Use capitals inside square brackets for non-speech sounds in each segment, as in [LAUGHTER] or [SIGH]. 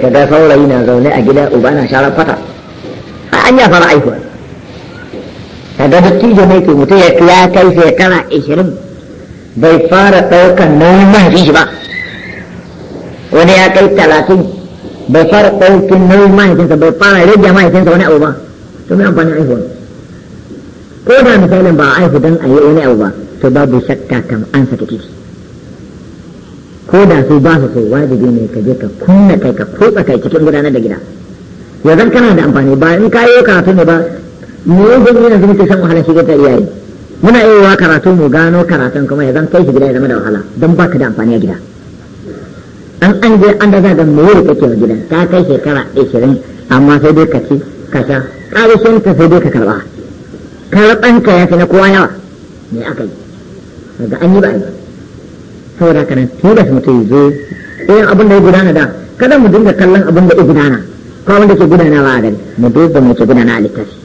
sai ga saurayi na zaune a gida uba na share fata a an ya fara aihuwa ta ga dattijo mai to ya ya kai shekara ishirin bai fara ɗaukan nauyin shi ba wani ya kai talatin bai fara ɗaukin nauyin mahaifinsa bai fara rage mahaifinsa wani abu ba to mai amfani aihuwa ko da misalin ba a aihu don a yi wani abu ba to babu shakka kan an ta titi ko da su ba su so wajibi ne ka je ka kunna kai ka kotsa kai cikin gudanar da gida Ya zan kana da amfani ba in ka yi karatu ne ba mu yanzu ne yanzu muke shan wahala shiga ta iyaye muna yi wa karatu mu gano karatun kuma ya zan kai shi gida ya zama da wahala don ba ka da amfani a gida an an je an da za ga mai kake wa gida. ta kai shekara ashirin amma sai dai ka ci ka sha ƙarshen ka sai dai ka karɓa karɓanka ka ya fi na kowa yawa me aka yi daga an yi ba a yi saboda haka nan su mutum zo irin eh, abin da ya gudana da kada mu dinga kallon abin da ya gudana ko abin da ke gudana a gari mu duba mu ke gudana a littafi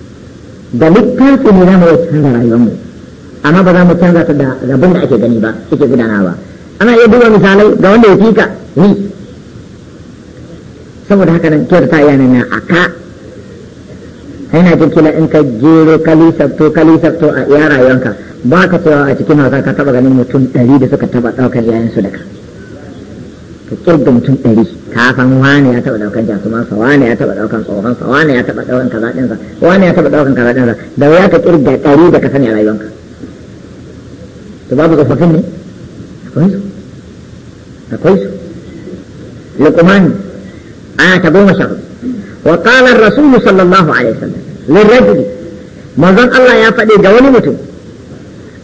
da littafi ne za mu canza mu amma ba za mu canza ta da abin da ake gani ba suke ba ana iya duba misalai ga wanda ya fi ka ni saboda haka nan kyauta yana na aka yana jin in ka jero kalisabto kalisabto a iya rayuwarka ba ka cewa a cikin hausa ka taba ganin mutum ɗari da suka taba ɗaukar yayin su daga ka kirga mutum ɗari ka san wane ya taba ɗaukar jasumansa wane ya taba ɗaukar tsohonsa wane ya taba ɗaukar kazaɗinsa wane ya taba ɗaukar kazaɗinsa da ya ka kirga ɗari da ka sani a rayuwanka to babu tsofaffin ne akwai su akwai su luqman aya ta goma sha hudu wa qala ar-rasul sallallahu alaihi wasallam lirrajuli manzon Allah ya faɗi ga wani mutum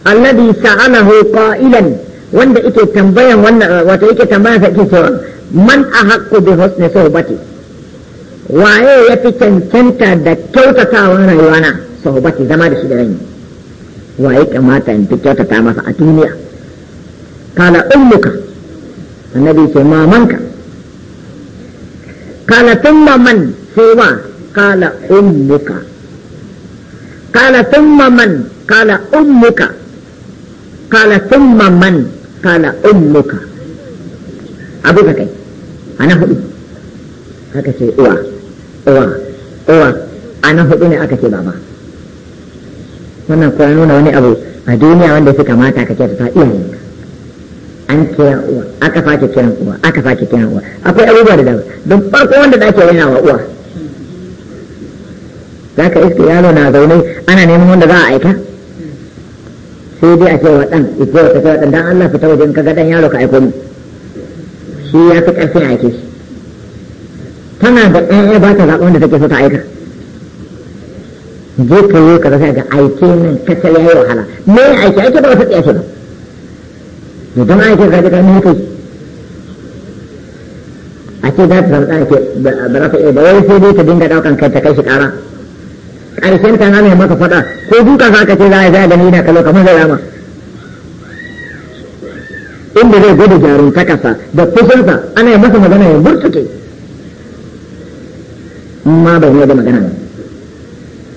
alladhi sa'alahu qa'ilan wanda yake tambayan wannan wato yake tambayan sa yake cewa man ahaqqu bi husni sohbati waye ya fi cancanta da kyautatawan rayuwana sohbati zama da shi da rai waye kamata in fi kyautata a duniya kala ummuka annabi ce mamanka kala man kala ummuka kala man kala ummuka Kala ثم من قال أمك أبوك كي أنا هو هكا uwa أوا أوا أوا أنا هو إني أكا شيء بابا wannan kuwa nuna wani abu a duniya wanda fi kamata ka kyauta iyayenka an kira uwa aka fake kiran uwa aka fake kiran uwa akwai abubuwa da dama don farko wanda da ke yana wa uwa za ka iske yalo na zaune ana neman wanda za a aika sai dai a cewa wa ɗan ita wata ta ɗan dan Allah fita wajen ka ga ɗan yaro ka aiko mu shi ya fi ƙarfin aike shi tana da ɗaya ba ta zaɓa wanda take so ta aika je ka yi ka ga aike nan kacal ya yi wahala me aike aike ba wata tsaya ce ba idan aike ka ga kai kai a ce za ta zama ɗan ke ba za ta iya ba wani sai dai ka dinga ɗaukan kai ta kai shi ƙara ƙarshen ta zama masa faɗa ko duka za ka ce za a ja gani na kalo kamar zai rama inda zai gudu jarun ta kasa da fushinsa ana yi masa magana ya burtuke ma bai mai da magana ne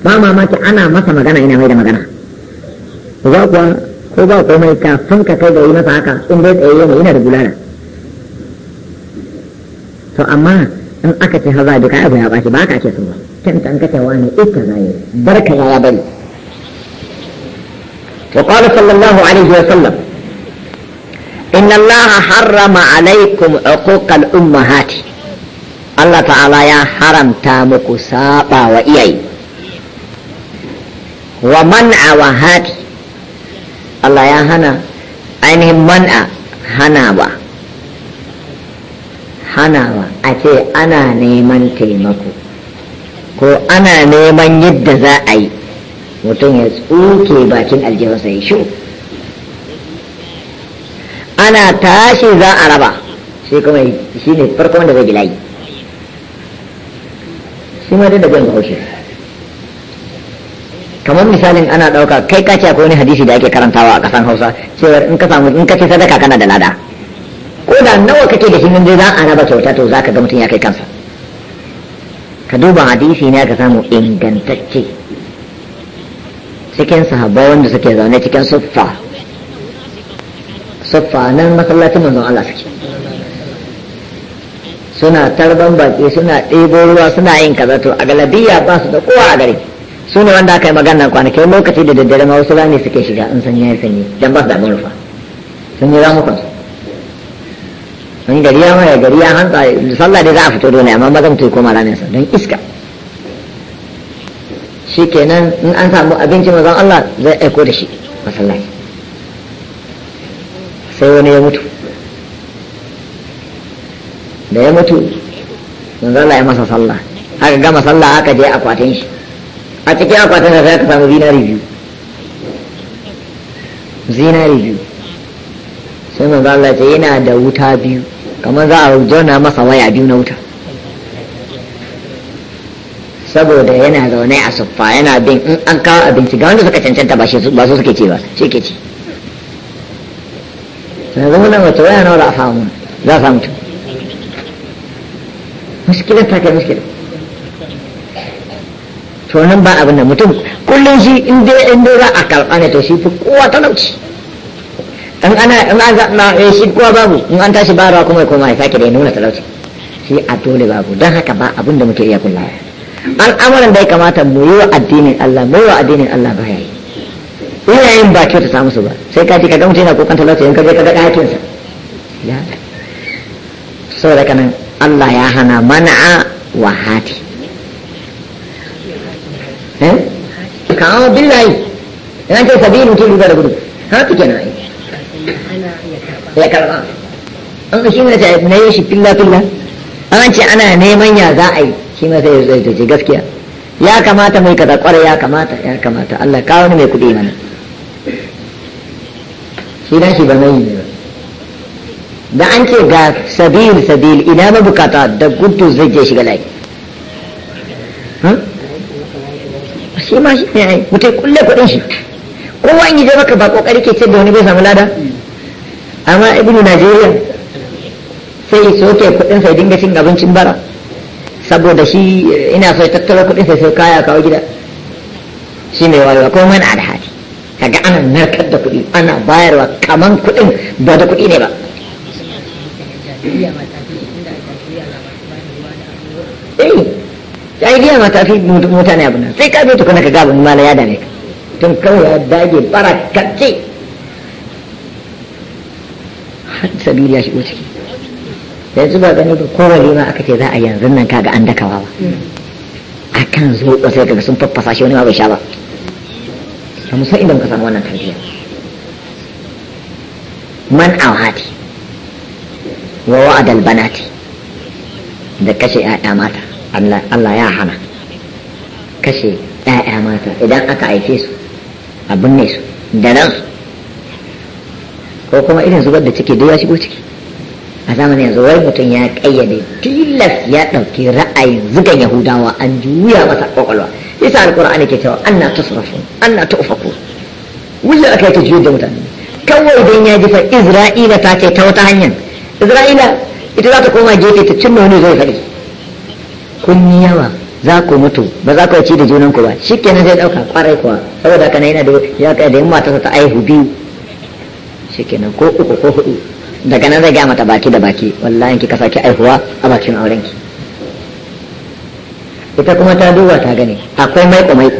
ba mamaki ana masa magana ina mai da magana za kuwa ko ba komai kafin ka kai da yi masa haka in dai tsaye yana yana da bulala to amma in aka ce haza duka abu ya ɓaci ba ka ce sun ba كم تنكت واني إكذا بركة يا بني وقال صلى الله عليه وسلم إن الله حرم عليكم عقوق الأمهات Allah ta'ala ya haramta muku saba wa iyaye wa man'a wa hadi Allah ya hana ainihin man'a hanawa hanawa a ce ana neman taimako ko ana neman yadda za a yi mutum ya tsuke bakin aljihunsa ya shiru ana tashi za a raba shi kuma shi ne farkon da zai bi layi shi ma dai da jan bahaushe kamar misalin ana ɗauka kai kace akwai wani hadisi da ake karantawa a ƙasan hausa cewar in ka samu in kace sadaka kana da lada ko da nawa kake da shi nan dai za a raba kyauta to za ka ga mutum ya kai kansa ka duba hadisi ne ka samu ingantacce cikin sahabbai wanda suke zaune cikin suffa suffa nan masallacin manzon Allah suke suna tarban baki suna ɗebo ruwa suna yin kaza to a galabiya ba su da kowa a gari su ne wanda aka yi magana kai lokaci da daddare ma wasu rani suke shiga in sanyi ya sanyi dan ba su da rufa sun yi ramukansu in gari ya haya gari ya hantsa sallah dai za a fito dole amma maza mutum koma ranar sa don iska shi kenan in an samu abinci mazan Allah zai aiko da shi masallaci sai wani ya mutu da ya mutu manzan Allah ya masa sallah aka gama sallah aka je akwatin shi a cikin akwatin sai aka samu zinari biyu zinari biyu sai manzo Allah ce yana da wuta biyu kamar za a zauna masa waya biyu na wuta saboda yana zaune a suffa yana bin in an kawo abinci ga wanda suka cancanta ba su suke ce ba shi ke ci sai zama nan wata waya na za a samu za a samu muskilar ta kai muskilar to nan ba abin da mutum kullum shi in dai za a karɓa ne to shi fi kowa talauci in ana in an zaɓa ya eh, shi kowa babu in an tashi ba kuma koma ya sake da ya nuna talauci shi a dole babu don haka ba abin da muke iya kullawa al'amuran da ya kamata mu yi wa addinin Allah mu yi wa addinin Allah ba yayi iyayen ba kyauta ta samu su ba sai ka ji ka ga mutum yana kokan talauci in ka je ka ga hakinsa ya saboda kanan Allah ya hana mana'a wa hati eh? kawo billahi yana ce sabi mutum da gudu hati kenan ya karba an ka shi ne ta na shi filla filla an ce ana neman ya za a yi shi ma sai zai ce gaskiya ya kamata mai kaza kwarai ya kamata ya kamata Allah kawo ni mai kuɗi mana shi dan shi ba mai yi ba da an ce ga sabil sabil ina bukata da gudu zai je shiga lai shi ma shi ne ai mutai kulle kuɗin shi kowa in yi zai maka ba kokari ke ce da wani bai samu lada amma ibn najeriya sai ya soke kudin sai dinga cin abincin bara saboda shi ina so ya tattara kudin sai sai kaya kawo gida shi mai wayewa ko mana alhaji kaga ana narkar da kudi ana bayarwa kaman kudin ba da kudi ne ba eh ya yi ma ta fi mutane abu nan sai ka zo tukuna ka gabin mala ya yada ne. tun kawai ya dage kacce. sabili ya shigo ciki yanzu ba gani ba kowane ma aka ce za a yanzu nan kaga an dakawa ba a kan zo ba sai kaga sun faffasa shi wani ma bai sha ba Ka mu san inda muka samu wannan tarbiyya man awhati wa wa'adal banati da kashe 'ya'ya mata Allah ya hana kashe 'ya'ya mata idan aka haife su abin ne su da ransu ko kuma irin zubar da ciki duk ya shigo ciki a zamanin yanzu wai mutum ya kayyade tilas ya ɗauki ra'ayi zugan yahudawa an juya masa kwakwalwa isa alkur'ani ke cewa anna tusrafu anna tu'faku wulla aka yi tajiyar da mutane kawai dan ya jifa isra'ila ta ce ta wata hanyar isra'ila ita za ta koma gefe ta cinna wani zai fadi kun yawa za ku mutu ba za ku ci da junan ku ba shikenan zai ɗauka kwarai kuwa saboda haka na yana da ya kai da yamma ta ta aihu biyu shikenan ko uku ko hudu daga nan zai gaya mata baki da baki wallahi ki kasa ki aihuwa a bakin auren ki ita kuma ta duba ta gani akwai maiko maiko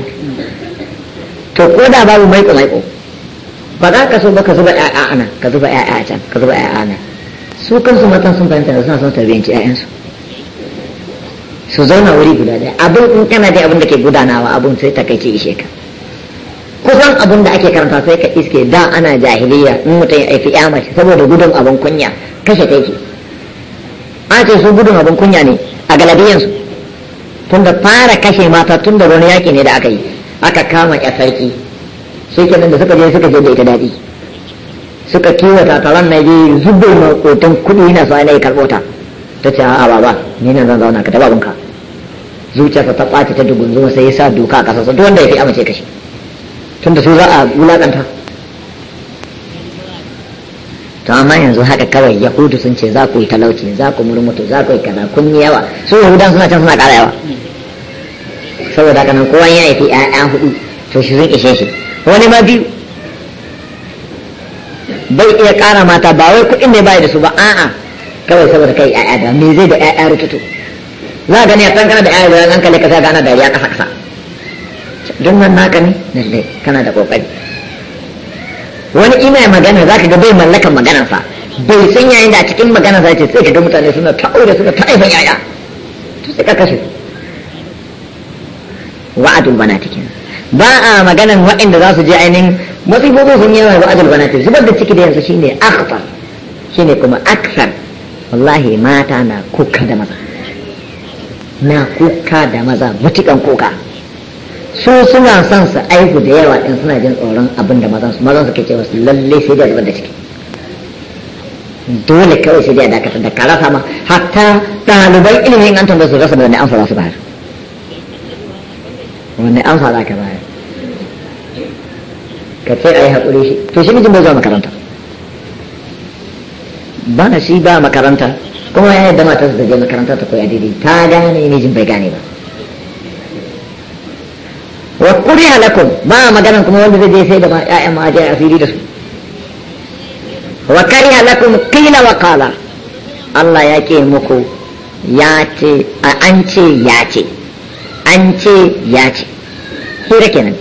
to ko da babu maiko maiko ba za ka so ba ka zuba ƴaƴa ana ka zuba ƴaƴa a can ka zuba ƴaƴa ana su kansu matan sun fahimta da suna son tarbiyyanci ƴaƴansu su zauna wuri guda ɗaya abin in kana da abin da ke gudanawa abin sai takaice ishe ka kusan abin da ake karanta sai ka iske da ana jahiliya in mutum ya aiki ya mace saboda gudun abin kunya kashe kai ce. an ce su gudun abin kunya ne a galabiyansu tun da fara kashe mata tun da wani yaƙi ne da aka yi aka kama ya sarki sai nan da suka je suka je da ita daɗi suka kiwata taron na je zubin makotan kuɗi na sa na yi karɓo ta ta ce a'a baba ni nan zan zauna ka taɓa abinka zuciyarsa ta ɓaci ta dugun zuma sai ya sa doka a ƙasa duk wanda ya fi amince kashe tunda su za a wulaƙanta to amma yanzu haka kawai yahudu sun ce za ku yi talauci za ku murmutu za ku yi kaza kun yi yawa su yahudan suna can suna ƙara yawa saboda kanan kowa ya yi ƴaƴan hudu to shi sun ishe shi wani ma biyu bai iya ƙara mata ba wai kuɗin ne bai da su ba a'a kawai saboda kai ƴaƴa da me zai da ƴaƴa rututu za a gani a tsankana da ƴaƴa da an ƙasa ƙasa da don nan naka ne lalle kana da kokari wani ina magana zaka ga bai mallakan maganarsa bai san yayin da a cikin maganarsa ce sai ka ga mutane suna ta aure suna ta aifan yaya to sai ka kashe wa'adul banatikin ba a maganan waɗanda za su je ainihin masifofin sun yi wa'adul banatik zubar da ciki da yanzu shine akhtar shine kuma aksar wallahi mata na kuka da maza na kuka da maza matukan kuka su suna son su aiki da yawa ɗin suna jin tsoron abin da mazan su mazan su ke cewa lalle sai da zubar da ciki dole kawai sai da dakatar da karasa ma hatta ɗaliban ilimin an tambaye su rasa da wani amsa za su bayar wani amsa za ka bayar ka ce a yi haƙuri shi to shi mijin bai zuwa makaranta ba shi ba makaranta kuma ya yadda matarsa da je makaranta ta koya daidai ta gane mijin bai gane ba wa kuriya lakum ba maganan kuma wanda zai je sai da ƴaƴan ma a asiri da su wa kariha lakum qila wa qala Allah ya ke muku ya ce an ce ya ce an ce ya ce hira kenan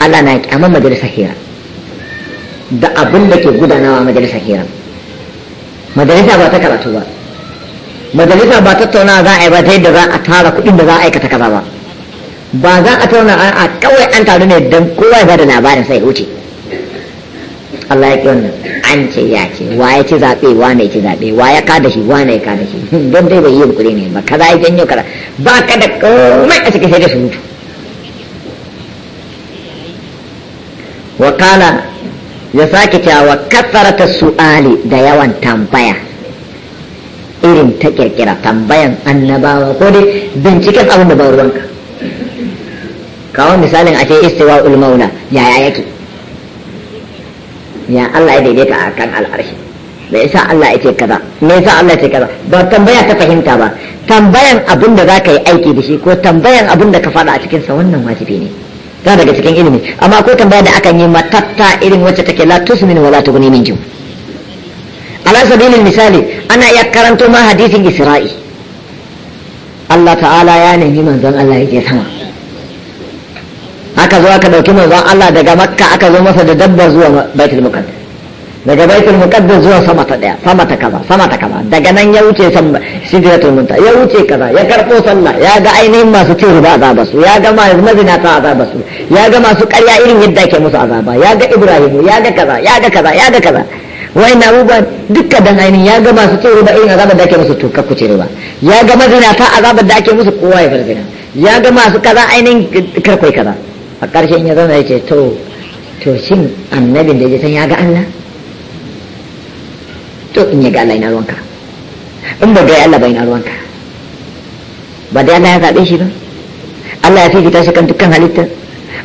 Allah na kyama majalisa hira da abin da ke gudanawa majalisa hira majalisa ba ta karatu ba majalisa ba tattauna za a yi ba ta yadda za a tara kuɗin da za a aikata kaza ba ba za a tauna a kawai an taru ne don kowa ya da labarin sai wuce Allah ya ki wannan an ce ya ce wa ya ci zaɓe wa ne ci zaɓe wa ya ka da shi wa ne ya ka da shi [LAUGHS] don dai bai yi kuɗi ne ba kaza ya janyo kaza ba ka da komai a cikin sai da su mutu wakala ya sake cewa kasarata su'ali da yawan tambaya irin ta kirkira tambayan annabawa ko dai binciken abin da ba ruwanka kawo misalin a ce istiwa ulmauna ya yake ya Allah ya daidaita a kan al'arshi da isa Allah ya ce kaza me yasa Allah ya ce kaza ba tambaya ta fahimta ba tambayan abin da zaka yi aiki da shi ko tambayan abin da ka faɗa a cikin sa wannan wajibi ne ta daga cikin ilimi amma ko tambaya da akan yi matatta irin wacce take la tusmin wala tughni min jum ala sabilin misali ana iya karanto ma hadisin isra'i Allah ta'ala ya nemi manzon Allah yake sama aka zo aka dauki manzon Allah daga makka aka zo masa da dabba zuwa baitul muqaddas daga baitul muqaddas zuwa sama ta daya sama ta kaza sama ta kaza daga nan ya wuce sama sidratul munta ya wuce kaza ya karbo sallah ya ga ainihin masu cin riba azaba su ya ga masu mazinata azaba su ya ga masu ƙarya irin yadda ake musu azaba ya ga ibrahim ya ga kaza ya ga kaza ya ga kaza wa'in abubuwan duka dan ainihin ya ga masu cin riba irin azabar da ake musu ka kuce riba ya ga mazinata azabar da ake musu kowa ya farfina ya ga masu kaza ainihin karkwai kaza a in ya zama ya ce to to shin annabin da ya san ya ga Allah to in ya ga Allah ina ruwanka in ba ga Allah ba ina ruwanka ba dai Allah ya zaɓe shi ba Allah ya fifita shi kan dukkan halitta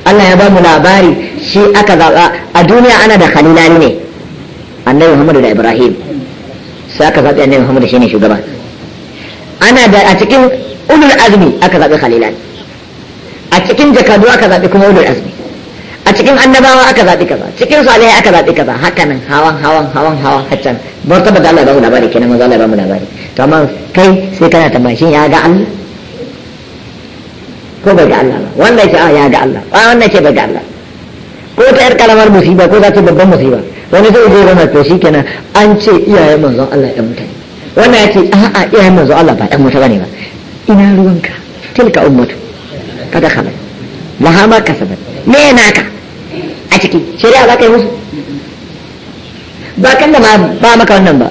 Allah ya ba mu labari shi aka zaɓa a duniya ana da khalilani ne annabi Muhammadu da Ibrahim sai aka zaɓi annabi Muhammadu shine shugaba ana da a cikin ulul azmi aka zaɓi khalilani a cikin jakadu aka zaɓi kuma ulul azmi a cikin annabawa aka zaɓi kaza cikin salihai aka zaɓi kaza haka nan hawan hawan hawan hawan haccan bar ta da Allah ba mu labari kenan manzo Allah ba mu labari to amma kai sai kana tambaya shin ya ga Allah ko bai ga Allah ba wanda yake a ah, ya ga Allah ba wanda yake bai ga Allah ko ta yar kalamar musiba ko za ta babban musiba wani zai zo zama to kenan an ce iyayen manzon Allah ɗan mutane wannan ya ce a'a iyayen manzon Allah ba ɗan mutane ba ina ruwanka tilka ummatu kada khalas laha ma kasabat me ka? a ciki shari'a za ka yi musu ba kan da ba maka wannan ba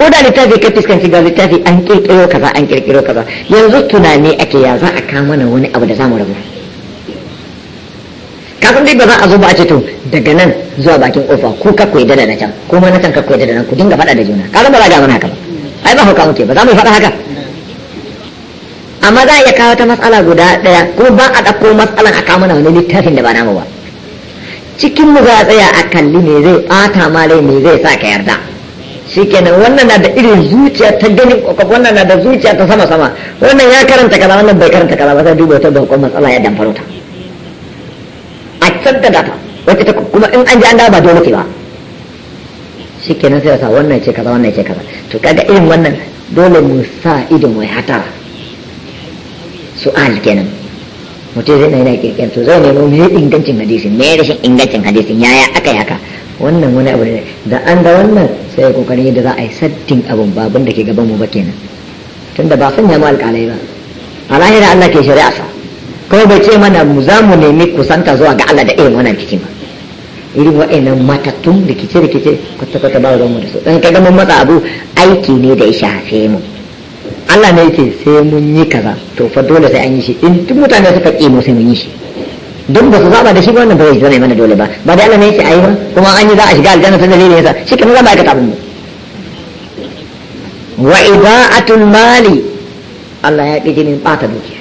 ko da littafi ka fuskanci ga littafi an kirkiro kaza an kirkiro kaza yanzu tunani ake ya za a kama na wani abu da za mu rabu kafin dai ba za a zo ba a ce to daga nan zuwa bakin kofa ko ka koyi dada na can ko ma na can ka koyi dada nan ku dinga faɗa da juna ka ba za gama mana haka ba ai ba hauka muke ba za mu faɗa haka amma za a iya kawo ta matsala guda ɗaya kuma ba a ɗauko matsalan a kama na wani littafin da ba namu ba cikin mu za a tsaya a kalli me zai ɓata ma rai me zai sa ka yarda shikenan wannan na da irin zuciya ta gani kwakwaf wannan na da zuciya ta sama sama wannan ya karanta kaza wannan bai karanta kaza ba sai duba ta bakon matsala ya damfaro ta a can ta data wacce ta kuma in an ji an dawo ba dole ke ba shikenan sai ya sa wannan ce kaza wannan ce kaza to kaga irin wannan dole mu sa ido mai hatara su'al kenan mutum zai yana kirkiyar to zai nemo me ingancin hadisin me rashin ingancin ya yaya aka yi wannan wani abu ne da an ga wannan sai kokarin yadda za a yi sattin abun babun da ke gaban mu ba kenan tunda ba sanya mu alƙalai ba a da Allah ke shari'a sa kawai bai ce mana mu za mu nemi kusanta zuwa ga Allah da irin wannan rikicin ba irin waɗannan matattun rikice-rikice kwata-kwata ba mu da su ɗan ka gama matsa abu aiki ne da ya shafe mu Allah ne yake sai mun yi kaza to fa dole sai an yi shi in duk mutane suka ƙi mu sai mun yi shi duk ba su zaba da shi ba wannan ba zai zama mana dole ba ba da Allah ne yake ayi ba kuma an yi za a shiga aljanna ta dalilin yasa shi kuma za mu aikata mu wa ibaatul mali Allah ya ƙi jinin ɓata dukiya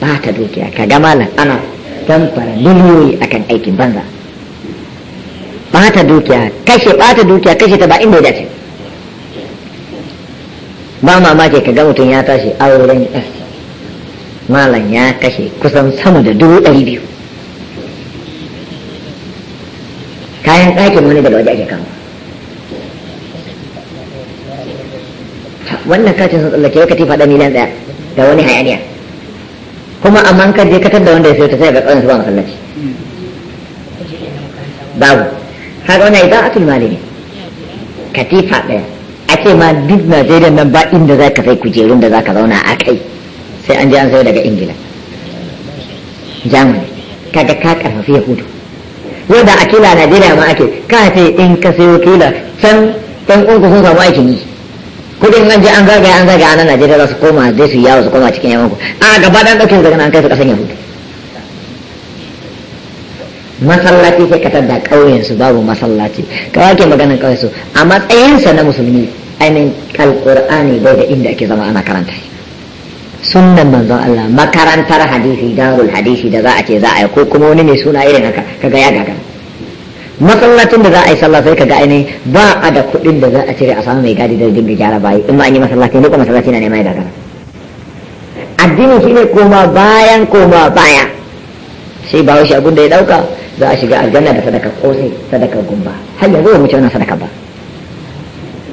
ɓata dukiya ka ga malam ana tamfara miliyoyi akan aikin banza ɓata dukiya kashe ɓata dukiya kashe ta ba inda ya dace ba mamaki ka ga mutum ya tashi auren yarsa malam ya kashe kusan sama da dubu ɗari biyu kayan ɗakin wani daga waje ake kama wannan kacin sun tsallake ya katifa ɗan miliyan ɗaya da wani hayaniya kuma amma kan je katar da wanda ya sayo ta sai ga ƙauyen su masallaci babu kaga wannan ita atul mali ne katifa ɗaya a ce ma duk najeriya nan ba inda za ka sai kujerun da za ka zauna a kai sai an ji an sayo daga ingila jamani kaga ka karfafi yahudu yau da a kila najeriya ma ake ka ce in ka sayo kila can ɗan uku sun samu aikin yi kudin an je an zagaya an zagaya nan najeriya za su koma zai su yawo su koma cikin yamanku a gaba ɗan ɗauke daga nan kai su ƙasan yahudu masallaci sai ka tada ƙauyensu babu masallaci kawai ke maganin ƙauyensu a matsayinsa na musulmi ainihin alkur'ani bai da inda ake zama ana karanta shi sunnan manzon Allah makarantar hadisi darul hadisi da za a ce za a yi ko kuma wani mai suna irin haka kaga ya gaga masallacin da za a yi sallah sai kaga ainihin ba a da kuɗin da za a cire a samu mai gadi da dinga gyara bayi in ma an yi masallaci ne ko masallaci na neman ya gagara addini shine koma bayan koma baya sai ba shi abin da ya dauka za a shiga aljanna da sadaka kosai sadaka gumba har yanzu ba mu ci wannan sadaka ba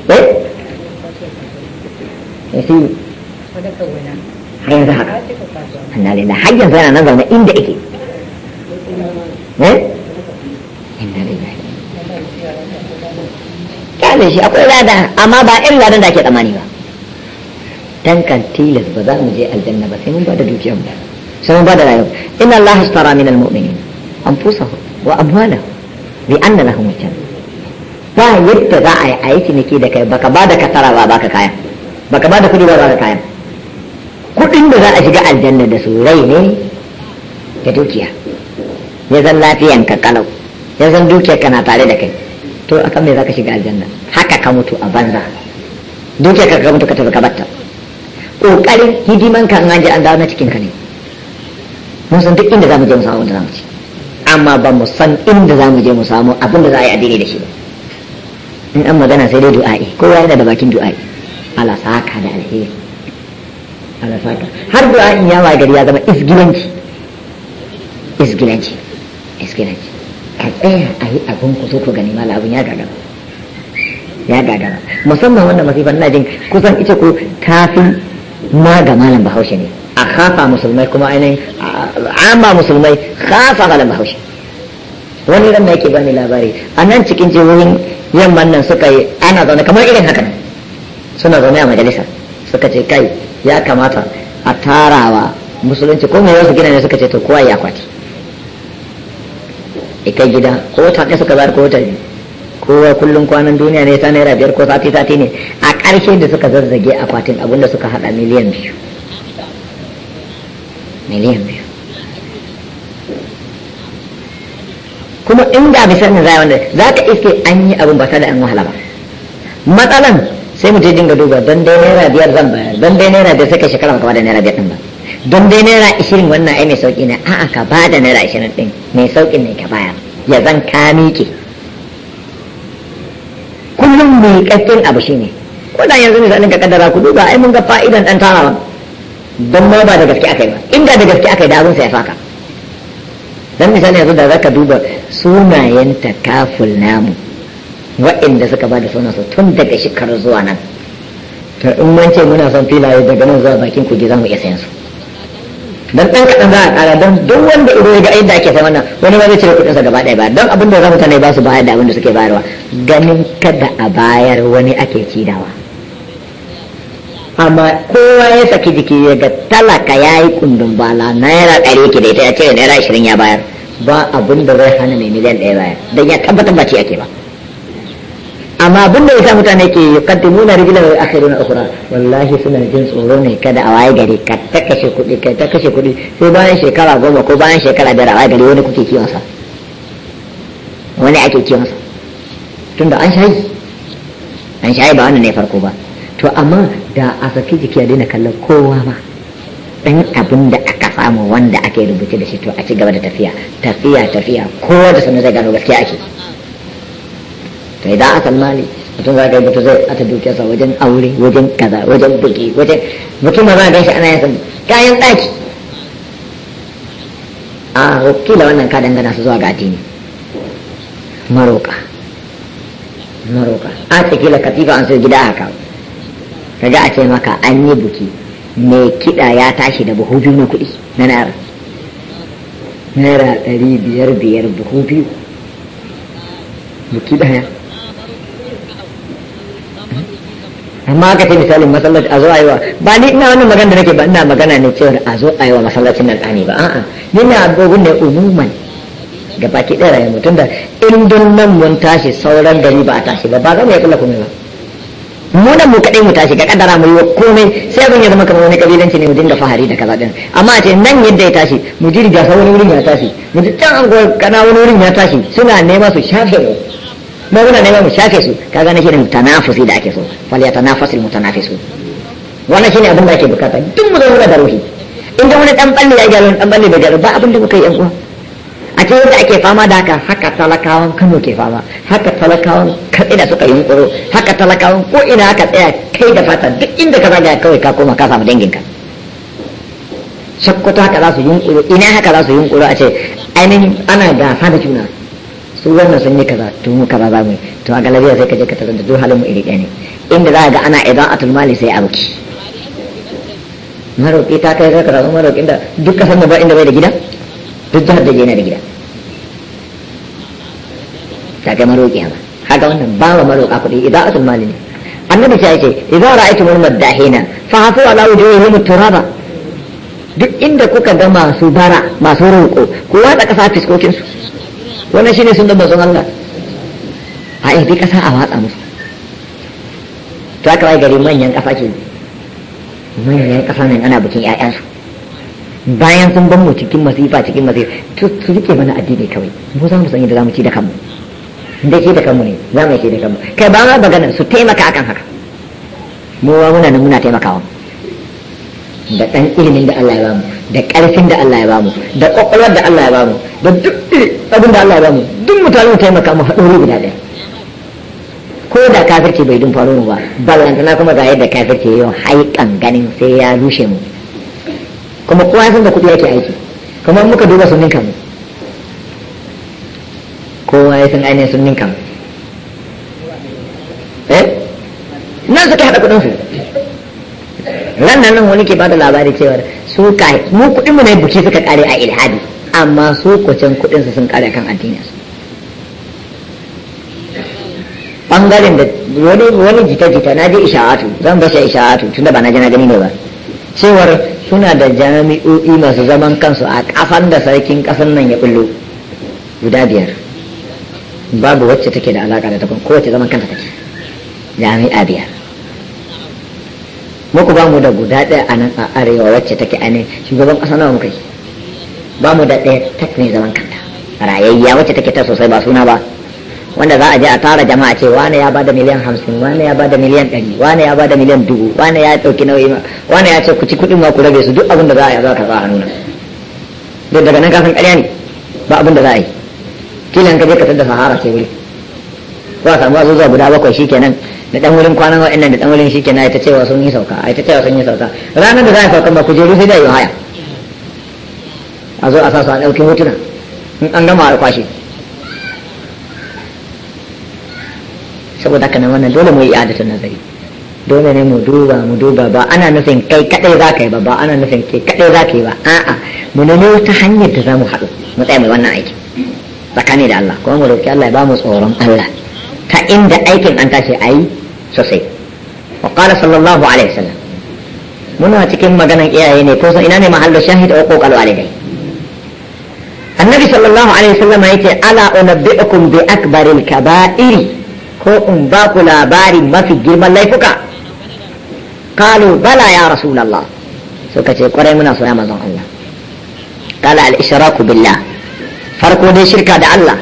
eh? ya shi har yanzu haka anna lillah har yana nan zaune inda ake eh inna lillahi kyale shi akwai lada amma ba irin ladan da ake tsammani ba tankan tilas ba za mu je aljanna ba sai mun ba da dukiyar mu da sai mun ba da rayuwa inna allaha ishtara min almu'minin anfusahum wa amwalahum bi anna lahum aljanna ba yadda za a yi aiki nake da kai baka ba da katara ba baka kayan baka ba da kuɗi ba ba kayan kuɗin da za a shiga aljanna da su rai ne da dukiya ya zan lafiyan ka kalau ya zan dukiyar ka na tare da kai to akan me za ka shiga aljanna haka ka mutu a banza dukiyar ka ka mutu ka tafi ka batta kokarin hidiman ka an ji an dawo na cikin ka ne mun san duk inda za mu je mu samu da zamu ci amma ba mu san inda za mu je mu samu abin da za a yi addini da shi ba in an magana sai dai du'a'i kowa yana da bakin du'a'i alasaka da alheri alasaka har du'a ya yawa gari ya zama isgilanci isgilanci isgilanci ka tsaya a yi abin ku so ku gani mala abin ya gagara ya gagara musamman wannan masifan na jin kusan ita ko kafin ma ga malam bahaushe ne a kafa musulmai kuma ainihin amma musulmai kafa malam bahaushe wani ran da yake bani labari a nan cikin jihohin yamman nan suka yi ana zaune kamar irin haka ne suna zaune a majalisa suka ce kai ya kamata a tarawa musulunci ko mai wasu gina ne suka ce to kowa ya kwati kai gida ko ta ne suka bayar ko wata Ko kowa kullum kwanan duniya ne ta naira biyar ko sati sati ne a ƙarshe da suka zazzage akwatin abinda suka haɗa miliyan biyu miliyan biyu kuma inda bisan ne za wanda za ka iske an yi abin ba ta da yan wahala ba matsalan sai mutum dinga duba don dai naira biyar zan bayar don dai naira biyar sai ka shekara baka bada naira biyar din ba don dai naira ishirin wannan ai mai sauki ne a'a ka bada naira ishirin din mai sauki ne ka bayar ya zan ka miƙe kullum mai ƙarfin abu shine ko da yanzu misalin ka kaddara ku duba ai mun ga fa'idan dan tarawa don ma ba da gaske akai ba inda da gaske akai da abin sai ya faka dan misali yanzu da zaka duba sunayen takaful namu Wa'inda suka ba da sunansu tun daga shekaru zuwa nan to in ce muna son filaye daga nan zuwa bakin kogi za mu iya sayan su dan ɗan kaɗan za a kara don duk wanda ido ya ga inda ake sayan wannan wani ba zai cire sa gaba ɗaya ba dan abin da za mutane ba su bayar da abin da suke bayarwa ganin kada a bayar wani ake cidawa amma kowa ya saki jiki ya ga talaka ya yi kundin bala naira ɗari yake da ita ya ce naira ashirin ya bayar ba abin da zai hana mai miliyan ɗaya bayar don ya tabbatar ba ce ake ba amma abin da yasa mutane ke yuqaddimuna rijlan wa akhiruna ukhra wallahi suna jin tsoro ne kada a waye gari ka ta kashe kuɗi ka ta kashe kuɗi sai bayan shekara goma ko bayan shekara biyar a waye gari wani kuke kiwon sa wani ake kiwon sa tunda an shayi an shayi ba wannan ne farko ba to amma da a saki jiki a daina kallon kowa ma dan abin da aka samu wanda ake rubuce da shi to a ci gaba da tafiya tafiya tafiya kowa da sanar da gano gaskiya ake kai idan aka mali mutum za ka yi mutu zai ata dukiyarsa wajen aure wajen kaza wajen buki wajen mutum ma za gan shi ana yin kayan ɗaki a kila wannan ka dangana su zuwa ga addini maroka maroka a tsakila katifa an sai gida a ka ga a ce maka an yi buki mai kiɗa ya tashi da buhu biyu na kuɗi na naira naira ɗari biyar biyar buhu biyu mu kiɗa ya. amma ka ce misalin masallaci a zo aiwa ba ni ina wannan magana da nake ba ina magana ne cewar a zo aiwa masallacin nan ɗani ba a'a ni na abubuwan ne umuman ga baki ɗaya rayuwa mutum da in nan mun tashi sauran gari ba a tashi ba ba za mu ya kula kuma ba mu nan mu kaɗai mu tashi ga kadara mu yi wa komai sai abin ya zama kamar wani kabilanci ne mu dinga fahari da kaza din amma a ce nan yadda ya tashi mu ji riga wani wurin ya tashi mu ji can an kana wani wurin ya tashi suna nema su shafe mu mu ne neman mu shafe su kaga na shirin tanafusi da ake so fal ya tanafasu mutanafisu wannan shine abin da ake bukata duk mu zama da ruhi inda wani dan balle ya gyara dan balle bai gyara ba abin da muka yan uwa a ce yadda ake fama da haka haka talakawan Kano ke fama haka talakawan Katsina suka yi yunkuro haka talakawan ko ina haka tsaya kai da fata duk inda ka zaga kawai ka koma ka samu danginka sakkwato haka za su yunkuru ina haka za su yunkuru a ce ainihin ana gasa da juna su wannan sun yi kaza to mu kaza za mu to a galabiya sai ka je ka tarar da duk halin mu iri ɗaya ne inda za a ga ana idan a tulmali sai a wuce maroƙi ta kai zaka rasu maroƙi da duk kasan ba inda bai da gida duk jihar da yana da gida ta kai maroƙi haka haka wannan ba wa maroƙa kuɗi idan a tulmali ne annabi sai ce idan ra'aytumul maddahina fa hafu ala wujuhihim turaba duk inda kuka ga masu bara masu roƙo ku watsa ƙasa fiskokinsu wannan shine sun dabba sun Allah a ɗaya kasa a watsa musu ta kawai gari manyan kafa ke manyan kafa nan ana bikin 'ya'yansu bayan sun ban mu cikin masifa cikin masifa to su rike mana addini kawai mu za mu san yadda za mu ci da kanmu da ke da kanmu ne za mu ci da kanmu kai ba ma bagana su taimaka akan haka mu wa muna nan muna taimakawa da ɗan ilimin da Allah ya ba mu da ƙarfin da Allah ya bamu da ƙwaƙwalwar da Allah ya bamu da duk abin da Allah ya bamu duk mutane taimaka mu haɗori guda ɗaya ko da kafirci bai dun faru mu ba ballantana kuma ga yadda kafirci yau haikan ganin sai ya rushe mu kuma kowa san da kuɗi yake aiki kamar muka duba sun ninka mu kowa ya san ainihin sun ninka mu eh nan suke haɗa kuɗin su nan nan wani ke bada labari cewa su ka mu kuɗin mu na buci suka kare a ilhadi amma su kucin kuɗin su sun kare kan addinin su bangaren da wani wani jita-jita na je isha'atu zan ba shi isha'atu tunda ba na na gani ne ba cewar suna da jami'o'i masu zaman kansu a kafan da sarkin kasan nan ya bullo guda biyar babu wacce take da alaka da takon kowace zaman kanta take jami'a biyar muku ba mu da guda ɗaya a nan a arewa wacce take a ne shugaban ƙasa nawa muka yi ba mu da ɗaya tak ne zaman kanta rayayya wacce take ta sosai ba suna ba wanda za a je a tara jama'a ce wane ya ba da miliyan hamsin wane ya ba da miliyan ɗari wane ya ba da miliyan dubu wane ya ɗauki nauyi ma wane ya ce ku ci kuɗin ma ku rage su duk abin da za a yi za ka za a nuna duk daga nan kafin ƙarya ne ba abin da za a yi kilan ka je ka tada sahara ce wuri ko a samu azuzuwa guda bakwai shikenan da dan wurin kwanan wa'annan da dan wurin shi kenan ita cewa sun yi sauka ai ta cewa sun yi sauka ranar da za a sauka ba ku jeru sai da yau haya a zo a sa su a ɗauki hotuna in an gama a kwashe saboda haka nan wannan dole mu yi adatun nazari dole ne mu duba mu duba ba ana nufin kai kadai za ka yi ba ba ana nufin kai kadai za ka yi ba a'a mu nemi ta hanyar da za mu haɗu mu tsaya mai wannan aiki tsakani da Allah kuma mu roƙi Allah ya ba mu tsoron Allah ta inda aikin an tashi a yi sosai wa qala sallallahu alaihi wasallam muna cikin maganan iyaye ne ko san ina ne mahallu shahid ko kokal walidai annabi sallallahu alaihi wasallam yace ala unabbiukum bi akbaril kaba'iri ko in ba ku labari mafi girman laifuka qalu bala ya rasulullah suka ce kwarai muna so ya manzon Allah qala al ishraku billah farko dai shirka da Allah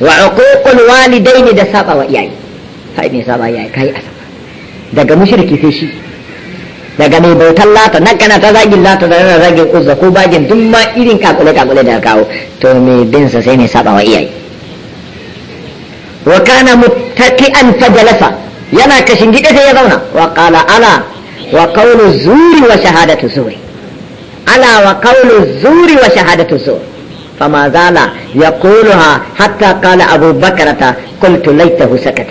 wa uququl walidaini da saba iyaye fa in hisaba ya kai asaba daga mushriki sai shi daga mai bautan lata nan kana ta zagin lata da yana zagin uzza ko bagin duk ma irin kakule kakule da kawo to mai bin sa sai ne saba wa iyaye wa kana muttaqian fajalasa yana kashin gida sai ya zauna wa qala ala wa qawlu zuri wa shahadatu zuri ala wa qawlu zuri wa shahadatu zuri فما زال يقولها حتى قال أبو بكرة قلت ليته سكت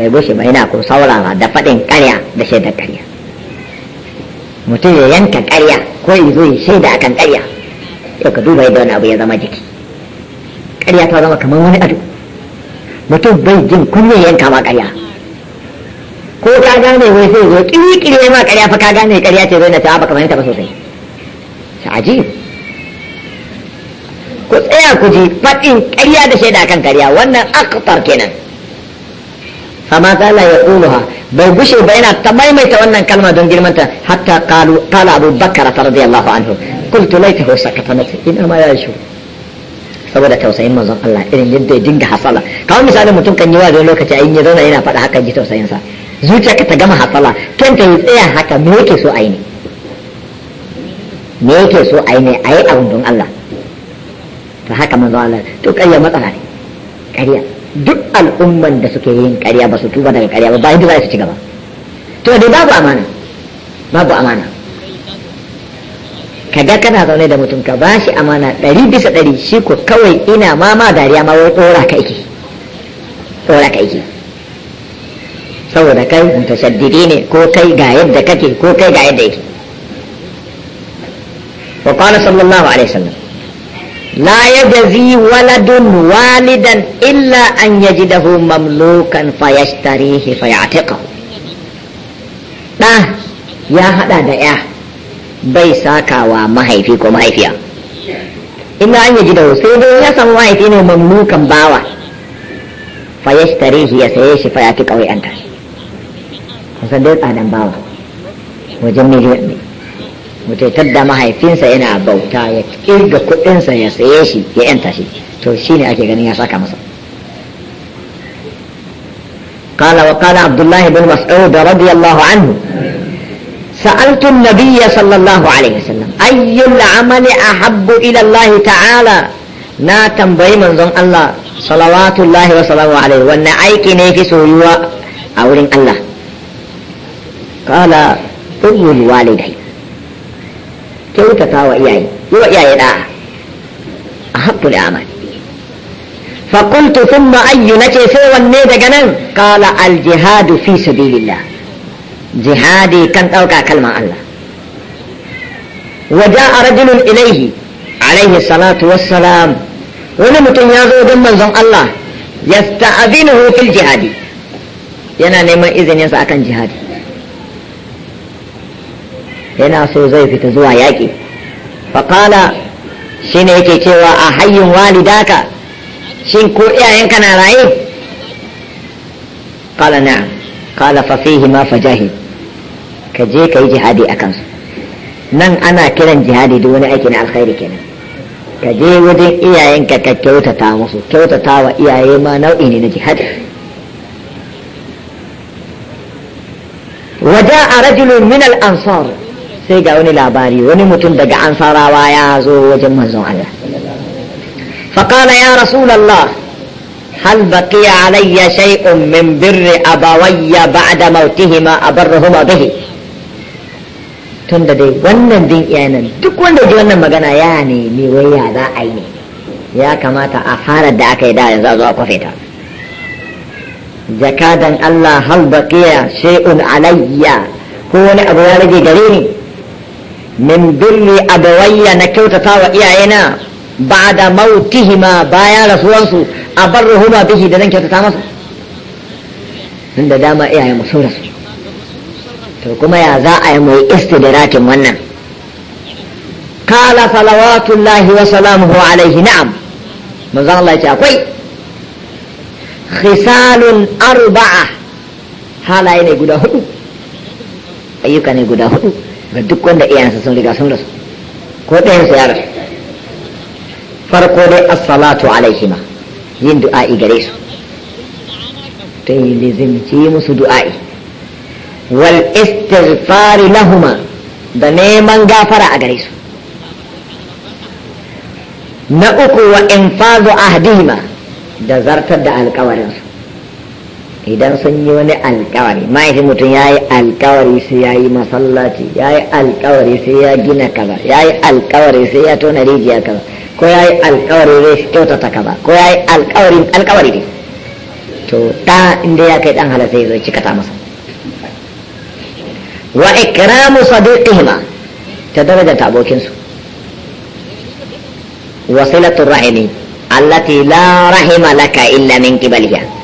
Eh, bai bushe ba yana ko saurara da faɗin ƙarya da shaidar ƙarya mutum ya yanka ƙarya ko ya zo ya shaida akan ƙarya yau ka duba yadda wani abu ya zama jiki ƙarya ta zama kamar wani ado mutum bai jin kunya yanka ma ƙarya ko ka gane wai sai zo kirkire ma ƙarya fa ka gane ƙarya ce zai na ta kamar fahimta ba sosai aji ku tsaya ku ji faɗin ƙarya da shaida akan ƙarya wannan aktar kenan فما زال يقولها بل بشي بينا تمايم يتوانا كلمة دون جرمانتا حتى قالوا قال أبو بكر رضي الله عنه قلت ليته سكت نفسه ya shi saboda tausayin manzon Allah irin yadda ya dinga hasala kawai misalin mutum kan yi wajen lokaci a yi zauna yana faɗa haka ji tausayin sa zuciya ka ta gama hasala ta yi tsaya haka me yake so a yi ne me yake so a yi ne a yi abun don Allah to haka manzon Allah to ƙarya matsala ne ƙarya duk al'umman da suke yin karya ba su tuba daga karya ba ba yadda za su ci gaba to da babu amana babu amana ka ga kana zaune da mutum ka ba shi amana ɗari bisa ɗari shi ko kawai ina ma ma dariya ma wai ɗora ka yake ɗora ka yake saboda kai mutasaddidi ne ko kai ga yadda kake ko kai ga yadda yake wa qala sallallahu alaihi wasallam la yajzi waladun walidan illa an yajidahu mamlukan fayashtarihi fayatiqahu Ɗa ya haɗa da ya bai sakawa mahaifi ko mahaifiya illa an yajidahu sai dai ya samu mahaifi ne mamlukan bawa fayashtarihi ya saye shi fayatiqahu yanta kusan dai tsadan bawa wajen miliyan ne mutum da mahaifinsa yana bauta ya kirga kuɗinsa ya saye shi ya yanta shi to shine ake ganin ya saka masa قال وقال عبد الله بن مسعود رضي الله عنه سألت النبي صلى الله عليه وسلم أي العمل أحب إلى الله تعالى نا تنبي من ظن الله صلوات الله وسلامه عليه وأن أيكني في سويوا أولين الله قال بر الوالدين kyautata wa iyaye yi wa iyaye da a da amali fakultu sun ma'ayyu na ce sai wanne daga nan kala aljihadu fi sabilillah jihadi kan ɗauka kalmar Allah waje a rajulun ilaihi alaihi salatu wassalam wani mutum ya zo don manzon Allah ya sta'azinu fil jihadi yana neman izininsa akan jihadi yana so zai fita zuwa yaƙi faƙala shi ne yake cewa a hayyin walidaka shin ko iyayenka na raye ƙala na ƙala fafihi ma fajahi ka je ka yi jihadi a kansu nan ana kiran jihadi da wani aiki na alkhairi kenan ka je wajen iyayenka ka kyautata musu kyautata wa iyaye ma nau'i ne na jihadi وجاء رجل من الأنصار sai ga wani labari wani mutum daga ansarawa ya zo wajen manzon Allah faƙala ya rasulallah hal baqiya alayya shay'un min birri abawayya ba'da mautihima abarrahuma bihi tunda dai wannan din iyanan duk wanda ji wannan magana ya ne me waya za a yi ne ya kamata a fara da aka yi da yanzu a zo a kwafe ta jakadan Allah hal baqiya shay'un alayya ko wani abu ya rage gare ni min birri abawayya na kyautata wa iyayena ba da mautihima bayan rasuwansu a bar ruhuma bihi da zan kyautata masu da dama iyayen mu sun rasu to kuma ya za a yi mai istidrakin wannan kala salawatullahi wa salamuhu alaihi na'am manzo Allah akwai khisalun arba'a halaye ne guda hudu ayyuka ne guda hudu ga duk wanda iyayensa sun riga sun rasu ko ɗayansa ya rasu farko dai assalatu alaihima yin du'a'i gare su ta yi lizimci musu du'a'i wal istighfari lahuma da neman gafara a gare su na uku wa infazu ahdihima da zartar da alkawarinsu idan sun yi wani alkawari mahaifin mutum ya yi alkawari sai ya yi masallaci ya yi alkawari sai ya gina kaza ya yi alkawari sai ya tona rijiya kaza ko ya yi alkawari zai kyautata kaza ko ya yi alkawari alkawari ne to ta inda ya kai dan halatta ya cika ta masa wa ikramu sadiqihima ta daraja ta abokin su wasilatu rahimi allati la rahima laka illa min qibaliha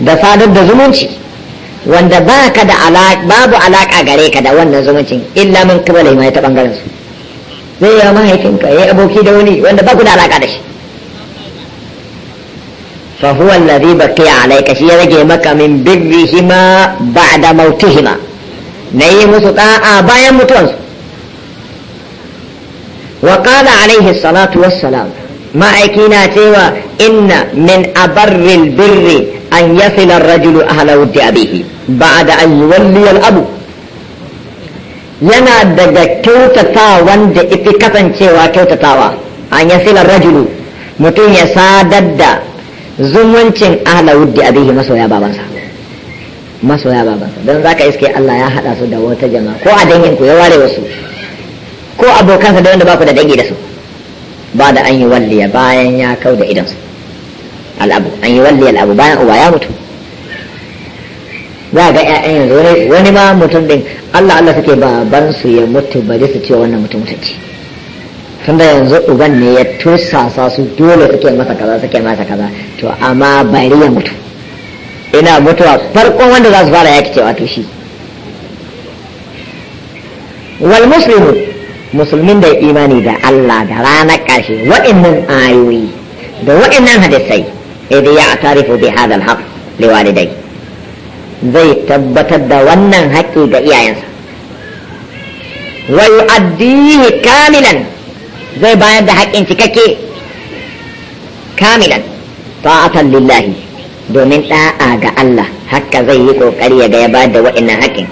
da sadar da zumunci wanda ba ka da babu alaƙa gare ka da wannan zumuncin illa min kibala ma ta bangaren su zai yi mahaifinka ya yi aboki da wani wanda ba ku da alaka da shi fa huwa alladhi baqiya alayka shi ya rage maka min birrihima ba'da mautihima nayi musu da'a bayan mutuwansu wa qala alayhi salatu wassalam ma'aiki na cewa inna min abarril birri أن يصل الرجل أهل ود أبيه بعد أن يولي الأب yana daga kyautata da ifi kasancewa kyautatawa an ya silar rajulu mutum ya sadar da zumuncin ahlawud wuddi abihi masoya babansa masoya babansa don za ka iske Allah ya hada su da wata jama'a ko a danginku ya ware wasu ko abokansa da wanda ba ku da dangi da su ba da an yi walliya bayan ya kau da idansu al'abu an yi walli al'abu bayan uba ya mutu za ga ƴaƴan yanzu wani ma mutum din Allah Allah suke baban su ya mutu bari su ce wannan mutum mutunci tunda yanzu uban ne ya tursasa su dole suke masa kaza suke masa kaza to amma bari ya mutu ina mutuwa farkon wanda za su fara yaki cewa to shi wal muslimu musulmin da imani da Allah da ranar ƙarshe waɗannan ayoyi da waɗannan hadisai idan ya tarifu bi hadal haq li walidai zai tabbatar da wannan haƙƙi ga iyayensa wa yu'addihi kamilan zai bayar da haƙƙin cikakke kamilan ta'atan lillahi domin ɗa'a ga Allah haka zai yi ƙoƙari ya ga ya bayar da wa'annan haƙƙin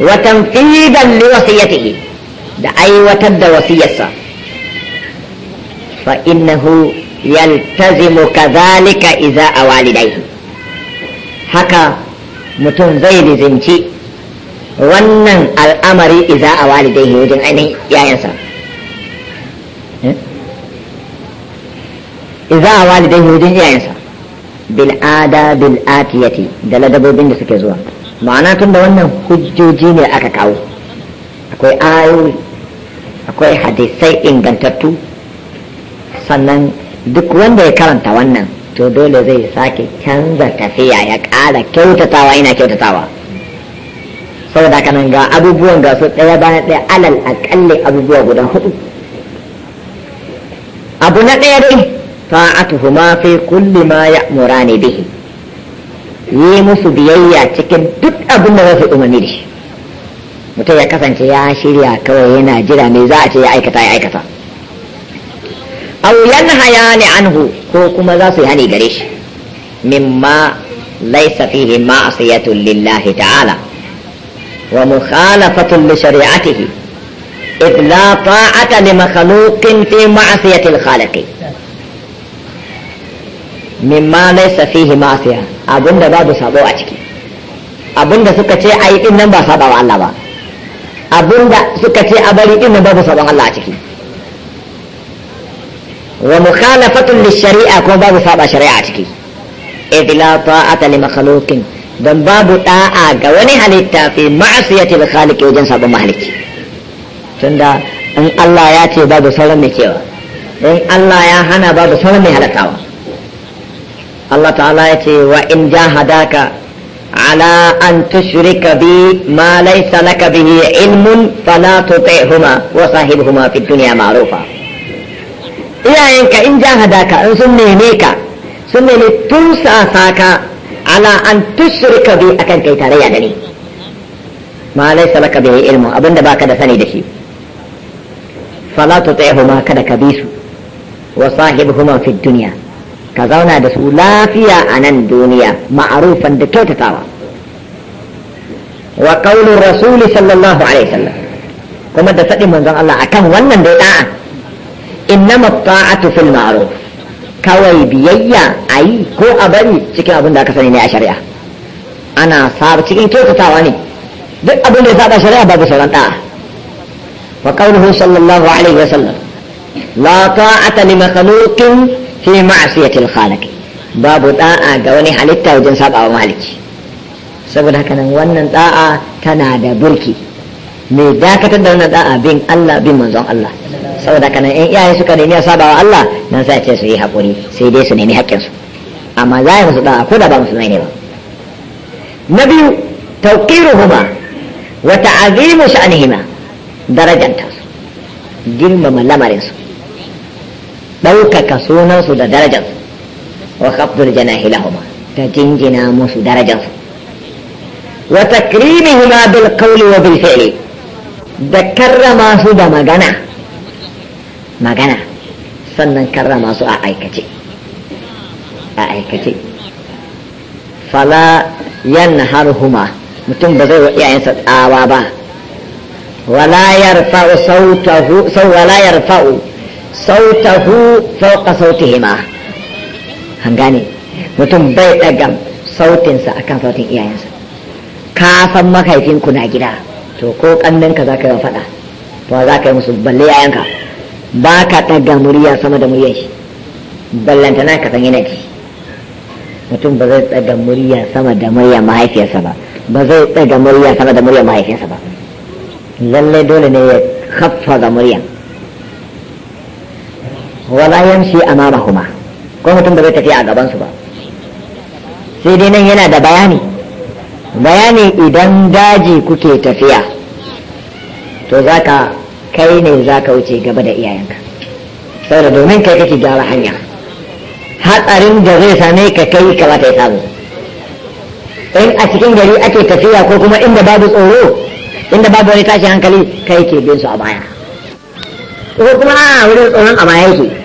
wa tanfidan li wasiyatihi da aiwatar da wasiyarsa fa'inahu innahu yaltazimu kadhalika iza a haka mutum zai dizinci wannan al'amari iza a walidaihi wajen ainihin yayansa iza a bil'ada bil'atiyati da ladabobin da suke zuwa ma'ana tun da wannan hujjoji ne aka kawo akwai ayoyi akwai hadisai ingantattu sannan duk wanda ya karanta wannan to dole zai sake canza tafiya ya ƙara kyautatawa ina kyautatawa saboda haka nan ga abubuwan ga su ɗaya bayan ɗaya alal aƙalli abubuwa guda hudu abu na ɗaya dai ma fi kulli ma ya'murani bihi yi musu biyayya cikin duk abin da za su umarni da shi mutum ya kasance ya shirya kawai yana jira ne za a ce ya aikata ya aikata aw yanhayani anhu ko kuma za su yi hani gare shi mimma laysa fihi ma'siyatun lillahi ta'ala wa mukhalafatun li shari'atihi إذ لا طاعة لمخلوق في معصية الخالق مما ليس فيه معصية أبن باب سابو أتكي أبن سكتي أي إنما سابو الله أبن سكتي أبري إنما باب سابو الله أتكي ومخالفة للشريعة كون باب صعب شريعة تكي إذ لا طاعة لمخلوق دون باب طاعة قواني حليتا في معصية الخالق وجنس أبو مهلك تندا إن الله ياتي باب صلمي كيوا إن الله يا حنا باب صلمي هلكاوا الله تعالى ياتي وإن جاهداك على أن تشرك بي ما ليس لك به علم فلا تطعهما وصاحبهما في الدنيا معروفا iyayenka in jahadaka in sun neme ka sun neme tun ka ala an tushrika bi akan kai tarayya da ni ma laysa laka bi ilmu abinda baka da sani da shi fala tuti'huma kada ka bi su wa sahibuhuma fi dunya ka zauna da su lafiya a nan duniya ma'arufan da kyautatawa wa qaulur rasul sallallahu alaihi wasallam kuma da faɗin manzon Allah akan wannan dai da'a innama ta'atu fil ma'ruf kawai biyayya ayi ko a bari cikin abin da aka sani ne a shari'a ana sabu cikin kyautatawa ne duk abin da ya saba shari'a babu sauran ta'a wa qawluhu sallallahu alaihi wa sallam la ta'ata li makhluqin fi ma'siyati al-khaliq babu da'a ga wani halitta wajen saba wa maliki saboda haka wannan da'a tana da burki mai dakatar da wannan da'a bin Allah bin manzon Allah saboda kana in iyaye suka nemi saba wa Allah nan sai ce su yi hakuri sai dai su nemi haƙƙin su amma za yi musu da'a ko da ba musulmai ne ba na biyu tawqiruhuma wa ta'zimu sha'nihima darajanta su girmama lamarin su ɗaukaka sunansu da darajarsu wa khafdul janahi ta jinjina musu darajarsu wa takrimihima bil qawli wa bil fi'li da karrama su da magana magana sannan karrama su a aikace a aikace fala yan harhuma mutum ba zai wa iyayensa tsawa ba wala yarfa'u sautahu sau wala yarfa'u sautahu fawqa sautihima an mutum bai ɗaga sautinsa akan sautin iyayensa ka san mahaifinku na gida to ko kannen ka za ka yi faɗa to za ka yi musu balle yayanka ba ka ɗaga murya sama da muryar shi ballantana ka san yana ji mutum ba zai ɗaga murya sama da murya mahaifiyarsa ba ba zai ɗaga murya sama da murya mahaifiyarsa ba lallai dole ne ya haffa ga murya wala yamshi amamahuma ko mutum ba zai tafi a gabansu ba sai dai nan yana da bayani bayani idan daji kuke tafiya to zaka kai ne zaka wuce gaba da iyayenka saboda domin kai kake gyara hanya hatsarin da zai same ka kai ka bata ya samu in a cikin gari ake tafiya ko kuma inda babu tsoro inda babu wani tashin hankali kai ke bin su a baya ko kuma a wurin tsoron a baya yake